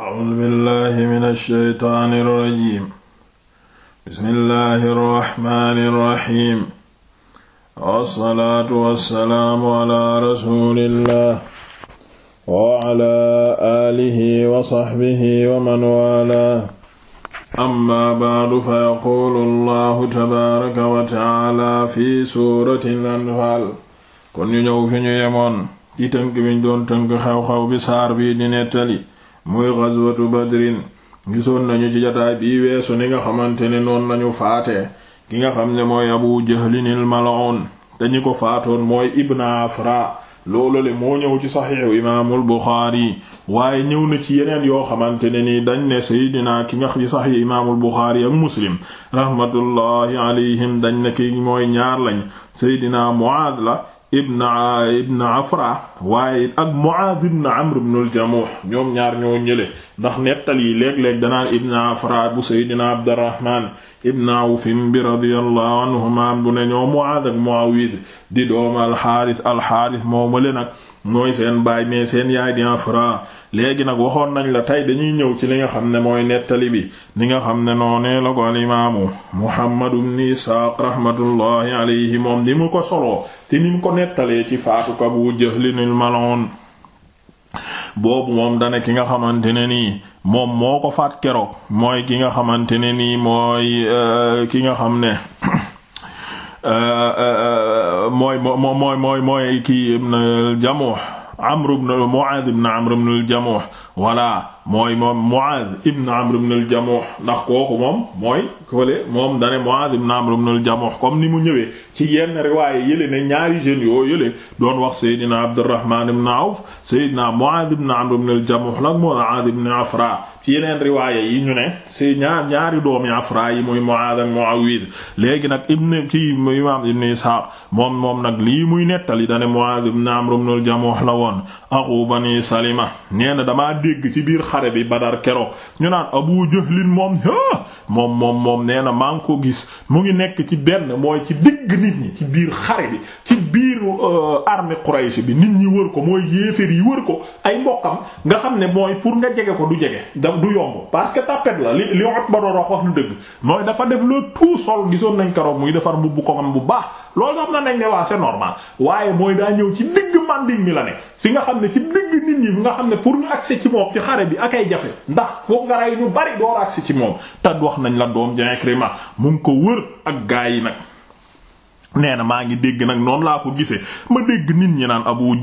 A'uuzu billaahi mina shaytaani rajiim. Bismillaahi rahmaani rahiim. Wassalaatu wassalaamu alaa rasuulillaah wa alaa aalihi wa sahbihi wa man waalaah. Ammaa ba'du fayaquulu Allaahu tabaaraka wa ta'aalaa fi suuratil Anfaal. Kon ñu ñëw fi ñu yemoon ci tënk bi ñu doon tënk xew-xew bi saar bi di nettali. muy ghazwatu badrin gisoon nañu ci jataay bii weesoo ni nga xamante ne noonu lañu faatee ki nga xam ne mooy abu jahlinil mal'un te ñi ko faatoon mooy ibn afra loolu le moo ñëw ci saxiixu imaamul buxaari waaye ñëw na ci yeneen yoo xamante ne ni dañ ne seydina ki nga ci saxiix imaamul buxaari ak muslim rahmatullahi alayhim dañ ne ki mooy ñaar lañ seydina muaad la ibn ibn afra waaye ak muaad ibn amr ibn al ñoom ñaar ñoo ñële ndax nettal yi léeg-léeg danaan ibn afra bu seydina abdurrahman ibn awf bi radiyallahu anhuma bu ne ñoo muaad ak muawid di doom alxaaris alxaaris moo male nag seen baay mais seen yaay di afra léegi nag waxoon nañ la tey dañuy ñëw ci li nga xam ne mooy nettali bi li nga xam ne noonee la ko al imaamu Muhammad ibn Isaaq rahmatullahi alayhi moom ni mu ko soloo te ni ko nettalee ci faatu Abu Jahlinil maloon boobu moom dane ki nga xamante ne nii moom moo ko faat keroog mooy ki nga xamante ne nii mooy euh, ki nga xam ne euh, euh, mooy mooy mooy mooy kii Jamuh Amr ibn Mu'aaz ibn Amr ibn al-Jamuh voilà mooy moom Mu'aaz ibn Amr ibn al-Jamuh ndax kooku moom mooy kële moom dane Mu'aaz ibn Amr ibn al-Jamuh comme ni mu ñëwee ci yenn riwaaye yële ne ñaari jeunes yoo yële doon wax Seydina Abdurrahmaan ibn Awf Seydina Mu'aaz ibn Amr ibn al-Jamuh lak Mu'aaz ibn Afra ci yeneen riwaaya yi ñu ne si ñaar ñaari doomi Afra yi muy Muaad ak Muawid léegi nag ibn kii imaam ibn Isxaaq moom moom nag lii muy nettali dane Muaad ibn Amr ibn al-Jamuh la woon axu Bani Salima nee na damaa dégg ci biir xare bi Badar keroog ñu naan Abu Jahlin moom moom moom moom nee na maa ngi ko gis mu ngi nekk ci benn mooy ci digg nit ñi ci biir xare bi ci biir euh, armée Quraysh bi nit ñi wër ko mooy yéeféer yi wër ko ay mbokkam nga xam ne mooy pour nga jege ko du itam du yomb parce que tapet la li li ot ba doon wax wax nu dëgg mooy dafa def le tout sol gisoon nañ keroog muy defar mbubb koŋam bu baax loolu xam na nañ ne waa c'est normal waaye mooy daa ñëw ci digg manding mi la ne fi nga xam ne ci digg nit ñi fi nga xam ne pour ñu accès ci moom ci xare bi ak ay jafe ndax foog nga rey ñu bari door accès ci moom te wax nañ la doom ja Ikrima mu ngi ko wër ak gaa yi nag nee na maa ngi dégg nag noonu laa ko gisee ma dégg nit ñi naan Abu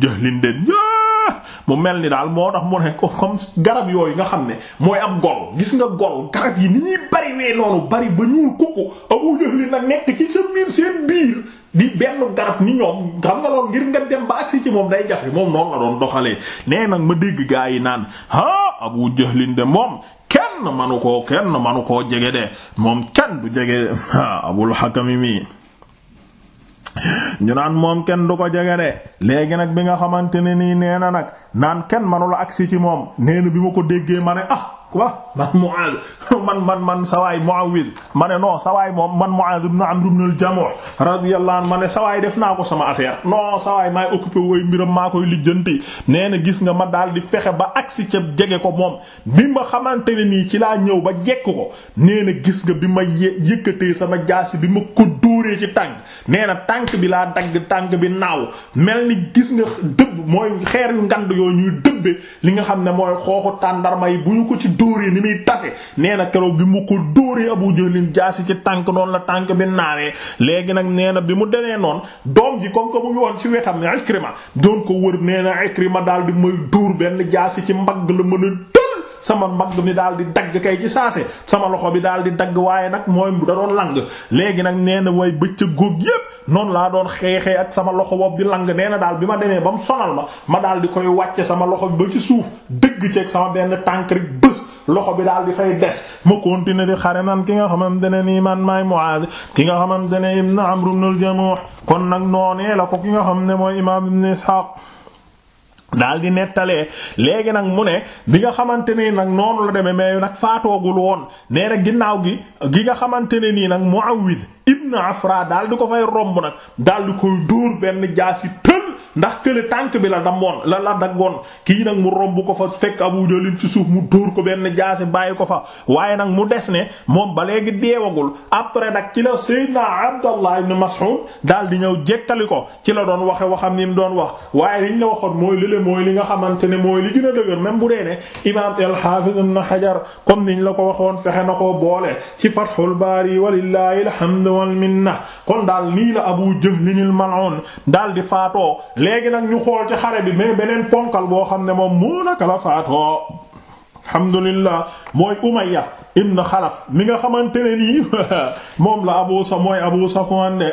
mu mel ni daal moo tax mu ne ko comme garab yooyu nga xam ne mooy am gol gis nga gol garab yi ni ñuy bariwee noonu bari ba ñuul kukku Abu Jahl nekk ci sa biir seen biir di benn garab ni ñoom xam nga lool ngir nga dem ba agsi ci moom day jafe moom noonu la doon doxalee nee nag ma dégg gaa yi naan ah Abu Jahlin de moom kenn manu koo kenn manu koo jege de moom kenn du jege de Abul Hakam mi ñu naan moom kenn du ko jege de léegi nag bi nga xamante ne nii nee na nag naan kenn manula agsi ci moom nee bi ma ko déggee ma ne ah quoi man Mu'aaz man man man sawaay Mu'awwiz ma ne non sawaay moom man Mu'aaz ibn Amr ibn al-Jamuh radiyallahu anhu ma ne sawaay def naa ko sama affaire non sawaay maay occupé maa koy lijjanti nee na gis nga ma daal di fexe ba agsi ca jege ko moom bi ma xamante ne nii ci laa ñëw ba jekk ko nee gis nga bi ma yëkkatee sama jaasi bi ma ko dóoree ci tànk nee na tànk bi laa dagg tànk bi naaw mel ni gis nga dëbb mooy xeer yu ngand yooyu ñuy dëbbe li nga xam ne mooy xooxu tàndarma yi bu ñu ko ci dóoree ni muy tase nee na keroog bi mu ko dóoree Abu Jahlin jaasi ci tànk noonu la tànk bi naawee léegi nag nee na bi mu demee noon doom ji comme que mu ngi woon ci wetam Ikrima doon ko wër nee na Ikrima di may dóor benn jaasi ci mbagg la mën a sama mbagg mi daal di dagg kay ci saase sama loxo bi daal di dagg waaye nag mooy da doon lang léegi nag nee na way bëccëg góog yépp noonu laa doon xeexee ak sama loxo boobu di lang nee na daal bi ma demee ba mu sonal ma ma daal di koy wàcce sama loxo bi ci suuf dëgg ceeg sama benn tànk rek bës loxo bi daal di fay des mu continuer di xare nan ki nga xamante ne nii man maay Muaaz ki nga xamante ne ibn Amr ibn al-Jamuh kon nag noonee la ko ki nga xam ne mooy imaam ibn daal di nettalee léegi nag mu ne bi nga xamante ne nag noonu la demee mais nag faatoogul woon nee na ginnaaw gi gi nga xamante ne nii nag mu Muawwid ibn Afra daal di ko fay romb nag daal di koy duur benn jaasi tël ndax kële tànk bi la dammoon la la woon kii nag mu rombu ko fa fekk Abu Jalil ci suuf mu dóor ko benn jaasi bàyyi ko fa waaye nag mu des ne moom ba léegi deewagul après nag ci la Seydina Abdallah ibn Mas'ud daal di ñëw jettali ko ci la doon waxe waxam ni mu doon wax waaye liñ la waxoon mooy lële mooy li nga xamante ne mooy li gën a dëgër même bu dee ne imaam al-Hafiz ibn Hajar comme niñ la ko waxoon fexe na ko boole ci Fathul Bari walillahi alhamdu wal minna kon daal nii la Abu Jahl al mal'un daal di faatoo léegi nag ñu xool ci xare bi mais beneen ponkal boo xam ne moom mu naka la faatoo alhamdulillah mooy Umayya ibn Xalaf mi nga xamante ne nii moom la Abu Sa mooy Abu Safwan de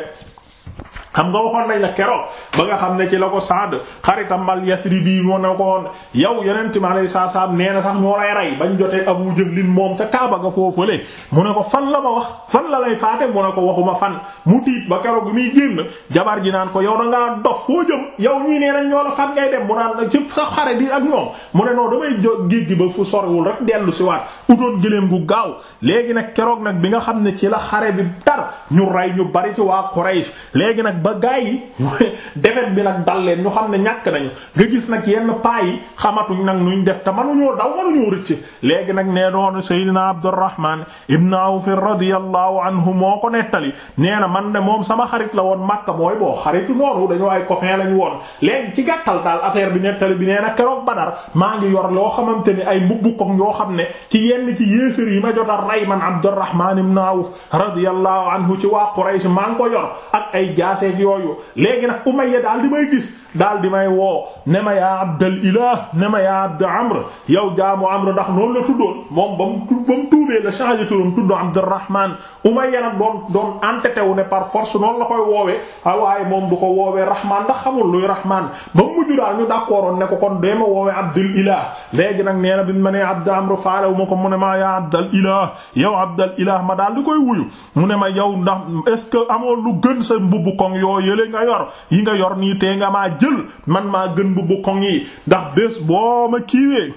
xam nga waxoon nañ la keroog ba nga xam ne ci la ko Saad xaritam mal bii moo na ko woon yow yonent mi alayhi salaatu salaam nee na sax ñoo lay rey bañ jotee mu Abu Jahlin moom ca Kaaba ga foofale mu ne ko fan la ma wax fan la lay faate mu ne ko waxuma fan mu tiit ba keroog bi muy génn jabar ji naan ko yow da ngaa dof foo jëm yow ñii nee nañ ñoo la fan ngay dem mu naan ci sa xare di ak ñoom mu ne non damay jóg géej ba fu soriwul rek dellu si waat utoon gëléem gu gaaw léegi nag keroog nag bi nga xam ne ci la xare bi tar ñu rey ñu bari ci waa Quraysh léegi nag ba gaa yi defet bi nag dal leen ñu xam ne ñàkk nañu nga gis nag yenn paa yi xamatuñ nag nuñ def te mënuñoo daw mënuñoo rëcc léegi nag nee doon Seydina Abdurrahman ibn Awf radiyallahu anhu moo ko nettali nee na man de moom sama xarit la woon Makka mooy boo xaritu noonu dañoo ay copain lañu woon léegi ci gàttal daal affaire bi nettali bi nee na keroog Badar maa ngi yor loo xamante ni ay mbubbu koŋ yoo xam ne ci yenn ci yéeféer yi ma jot a rey man Abdurrahman ibn Awf radiyallahu anhu dugg ci waa Quraysh maa ngi ko yor ak ay jaaseeg yooyu léegi nag Umayya daal di may gis daal di may woo ne ma yaa abdal ilah ne ma yaa abd amr yow jaamu amr ndax noonu la tuddoon moom ba mu ba la changé turam tudd abdurrahman umayya nag doon doon entêté wu ne par force noonu la koy woowee ah, a moom du ko woowee rahman ndax xamul luy rahman ba mu daal ñu d'accordoon ne ko kon dee ma woowee abdul ilah léegi nag nee na bi ma nee abd amr faale wu ma ko mu ma yaa abdal ilah yow abdal ilah ma daal di koy wuyu mu ne ma yow ndax est ce lu gën jël man maa gën bu bu yi ndax bés boo ma kiiwee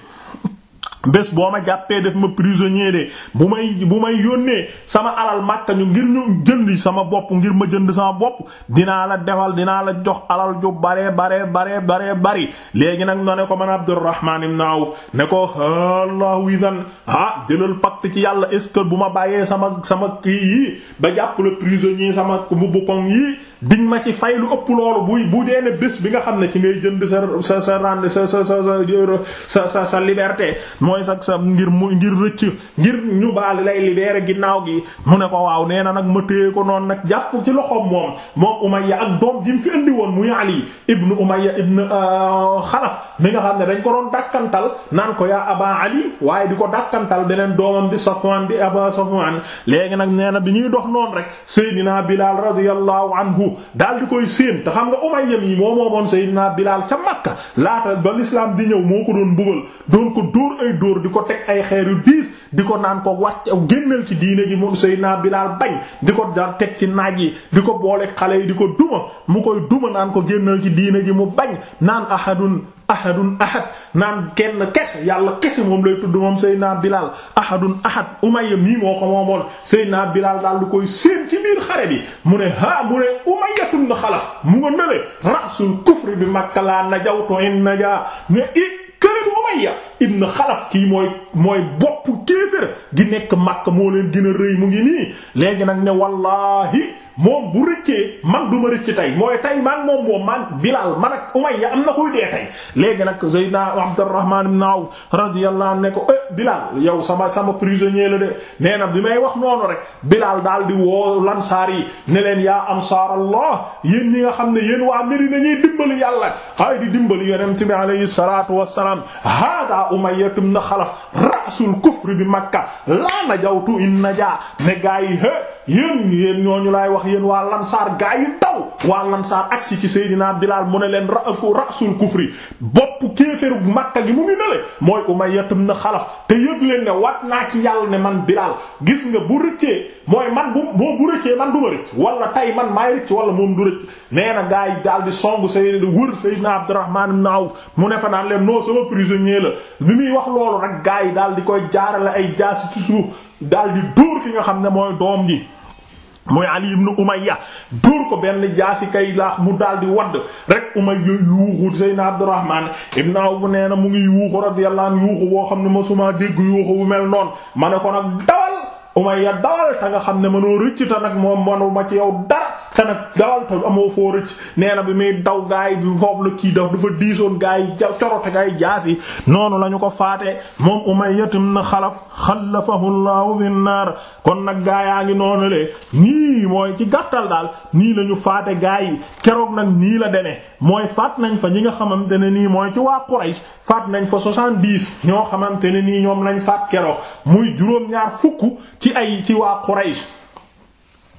bés boo ma jàppee def ma prisonnier de bu may bu may yónnee sama alal màkka ñu ngir ñu jëndi sama bopp ngir ma jënd sama bopp dinaa la defal dinaa la jox alal ju bare baree baree baree bari léegi nag no ne ko man Abdurrahman ibn Auf ne ko allahu idan ah jëlal pacte ci yàlla est bu ma bàyyee sama sama kii yii ba jàpp la prisonnier sama mubbu koŋ yii diñ ma ci fay lu ëpp loolu buy bu dee ne bés bi nga xam ne ci ngay jënd sa sa sa sa sa sa sa sa sa liberté mooy sax sa ngir mu ngir rëcc ngir ñu baal lay libéré ginnaaw gi mu ne ko waaw nee na nag ma téye ko noonu nag jàpp ci loxoom moom moom Umayya ak doom ji mu fi indi woon muy Ali ibnu Umayya ibnu euh, Xalaf bi nga xam ne dañ ko doon dàkkantal naan ko yaa Aba Ali waaye di ko dàkkantal beneen doomam di Safwan di Aba Safwan léegi nag nee na bi ñuy dox noonu rek Seydina Bilal radiyallahu anhu daal di koy séen te xam nga Umayya mi moo moomoon Seydina Bilaal ca Makka laata ba l'islam di ñëw moo ko doon mbugal doon ko dóor ay dóor di ko teg ay xeer yu diis di ko naan ko wàcc génnal ci diine ji moom Seydina Bilaal bañ di ko daan teg ci naaj yi di ko boole xale yi di ko duma mu koy duma naan ko génnal ci diine ji mu bañ naan ahadun ahadun ahad naan kenn kese yàlla kese moom lay tudd moom Seydina Bilal ahadun ahad Umayya mii moo ko moomoon Seydina Bilal daal du koy séen ci biir xare bi mu ne ha mu ne Umayyatun na xalaf mu nga nële rasul kufri bi Makka laa najawtu in najaa ne i kële bu Umayya ibn xalaf kii mooy mooy bopp kéefër gi nekk Makka moo leen gën a rëy mu ngi nii léegi nag ne wallaahi moom bu rëccee man duma rëcc tey mooy tey man moom moom man Bilaal man ak Umayya am na kuy dee tey léegi nag Seydina Abdurrahman ibn Awf radiyallahu anhu ne ko eh Bilaal yow sama sama na bi may wax noonu rek Bilaal daal di woo lansaar yi ne leen yaa ansaarallah yéen ñi nga xam ne yéen waa Medina ñuy dimbali yàlla xay di dimbali yonent bi alayhi salaatu wassalaam hada Umayya ibn Xalaf ra'sul kufri bi Makka la najawtu in najaa ne gaa yi hé yéen yéen ñooñu laay wax yéen waa lamsaar gaa yi daw waa lamsaar agsi ci Seydina Bilaal mu ne leen ra'su ra'sul kufri bopp kéeféru Makka gi mu ngi nale mooy Umayya na Xalaf te yëg leen ne wat naa ci yàlla ne man Bilaal gis nga bu rëccee mooy man bu boo bu rëccee man du rëcc wala tay man maay rëcc wala moom du rëcc nee na gaa yi daal di song Seydina wër Seydina Abdurrahmaan ibn Awf mu ne fa naan leen non sama prisonnier la bi muy wax loolu rek gaa yi daal di koy jaarale ay jaasi daal di dóor ki nga xam ne mooy doom ji muy Ali ibn Umayya dóor ko benn jaasi kay laax mu daal di wadd rek Umayya yuuxu Seydina Abdurrahman ibn Awf nee na mu ngi yuuxu radiyallahu anhu yuuxu woo xam ne mosuma dégg yuuxu bu mel noon ma ne ko nag dawal Umayya dawal ta nga xam ne mënoo rëcc te nag moom manuma ci yow dara te nag dawal te amoo foo rëcc nee na bi muy daw gaay bi foofu la kii daf dafa diisoon gaay yi corote gaay jaas yi noonu la ñu ko faate moom Umayya ibn Xalaf xalafahu Allahu fi naar kon nag gaa yaa ngi noonu le nii mooy ci gàttal daal nii la ñu faate gaay yi keroog nag nii la demee mooy faat nañ fa ñi nga xamante ne nii mooy ci waa Quraysh faat nañ fa soixante-dix ñoo xamante ne nii ñoom lañ faat keroog muy juróom-ñaar fukk ci ay ci waa Quraysh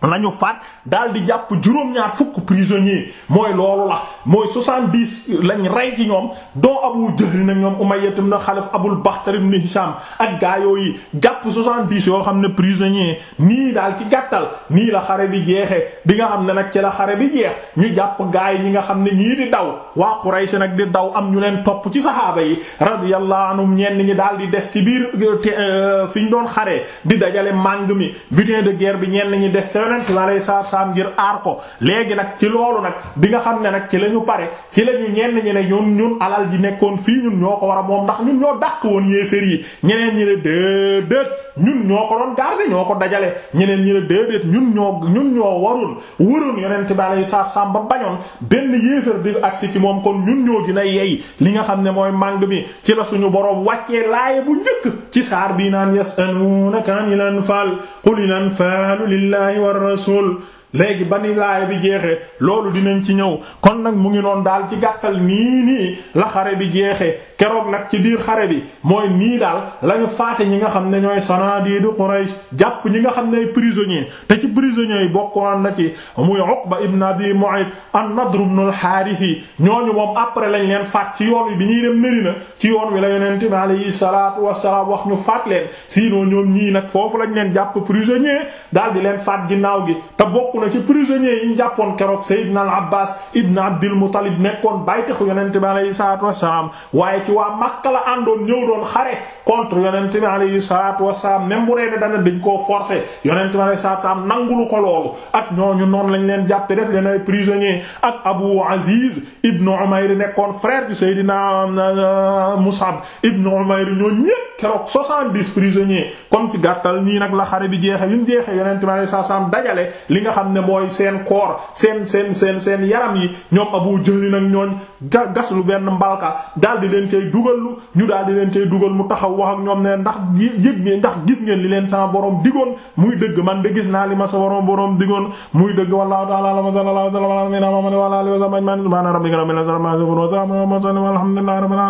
lañu faat daal di jàpp juróom-ñaar fukk prisonnier mooy loolu la mooy soixante-dix lañ rey ci ñoom doo Abu Jahl na ñoom Umayya ibn Khalaf Abul Bakhtar ibn Hisham ak gaayoo yi jàpp soixante-dix yoo xam ne prisonnier nii daal ci gàttal nii la xare bi jeexee bi nga xam ne nag ci la xare bi jeex ñu jàpp gaay ñi nga xam ne ñii di daw waa Quraysh nag di daw am ñu leen topp ci saxaaba yi radiyallahu anhum ñenn ñi daal di des ci biir euh, fi ñu doon xaree di dajale màng mi butin de guerre bi ñenn ñi des yonent bi alayhi salaatu salaam ngir aar ko léegi nag ci loolu nag bi nga xam ne nag ci la ñu pare ci la ñu ñenn ñi ne ñun ñun alal ji nekkoon fii ñun ñoo ko war a moom ndax ñun ñoo dàq woon yéefér yi ñeneen ñi ne déedéet ñun ñoo ko doon garder ñoo ko dajale ñeneen ñi ne déedéet ñun ñoo ñun ñoo waroon waroon yonent bi alayhi salaam ba bañoon benn yéefar ak si ci moom kon ñun ñoo gën a yey li nga xam ne mooy màng bi ci la suñu boroom wàcce laaye bu njëkk ci saar bii naan yas'aluunaka anil anfaal qulil anfaalu lillaahi war rasuul léegi ba ni laaya bi jeexee loolu dinañ ci ñëw kon nag mu ngi noon daal ci gàttal nii nii la xare bi jeexee keroog nag ci biir xare bi mooy nii daal lañu faate ñi nga xam ne ñooy sanadiidu Quraysh jàpp ñi nga xam ne prisonnier te ci prisonniers yi bokkoon na ci muy Uqba ibn Abi Mu'ayt an-Nadr ibn al-Harith ñooñu moom après lañ leen faat ci yoon wi bi ñuy dem Medina ci yoon wi la yonent bi alayhi salaatu wassalaam wax ñu faat leen sinon ñoom ñii nag foofu lañ leen jàpp prisonnier daal di leen faat ginnaaw gi na ci prisonniers yi ñu jàppoon keroog Seydina al Abbas ibn Abdul Muttalib nekkoon baytexu yonent bi alayhi salaatu wassalaam waaye ci waa Makka la àndoon ñëw doon xare contre yonent bi alayhi salaatu wassalaam même bu nee ne dana dañ koo forcer yonent bi alayhi salaatu wassalaam nangulu ko loolu ak ñooñu noonu lañ leen jàppe def leen ay prisonniers ak Abu Aziz ibn Umayr nekkoon frère du Seydina Mus'ab ibn Umayr ñoo ñépp keroog soixante-dix prisonniers comme ci gàttal nii nag la xare bi jeexe bi mu jeexe yonent bi alayhi salaam dajale li nga xam ne mooy seen koor seen seen seen seen yaram yi ñoom Abu Jahl nag ñooñ gas lu benn mbalka daal di leen cay dugal lu ñu daal di leen cay dugal mu taxaw wax ak ñoom ne ndax yëg ngeen ndax gis ngeen li leen sama borom digoon muy dëgg man de gis naa li ma sa borom borom muy dëgg wallahu ta'ala a'lam sallallahu alayhi wa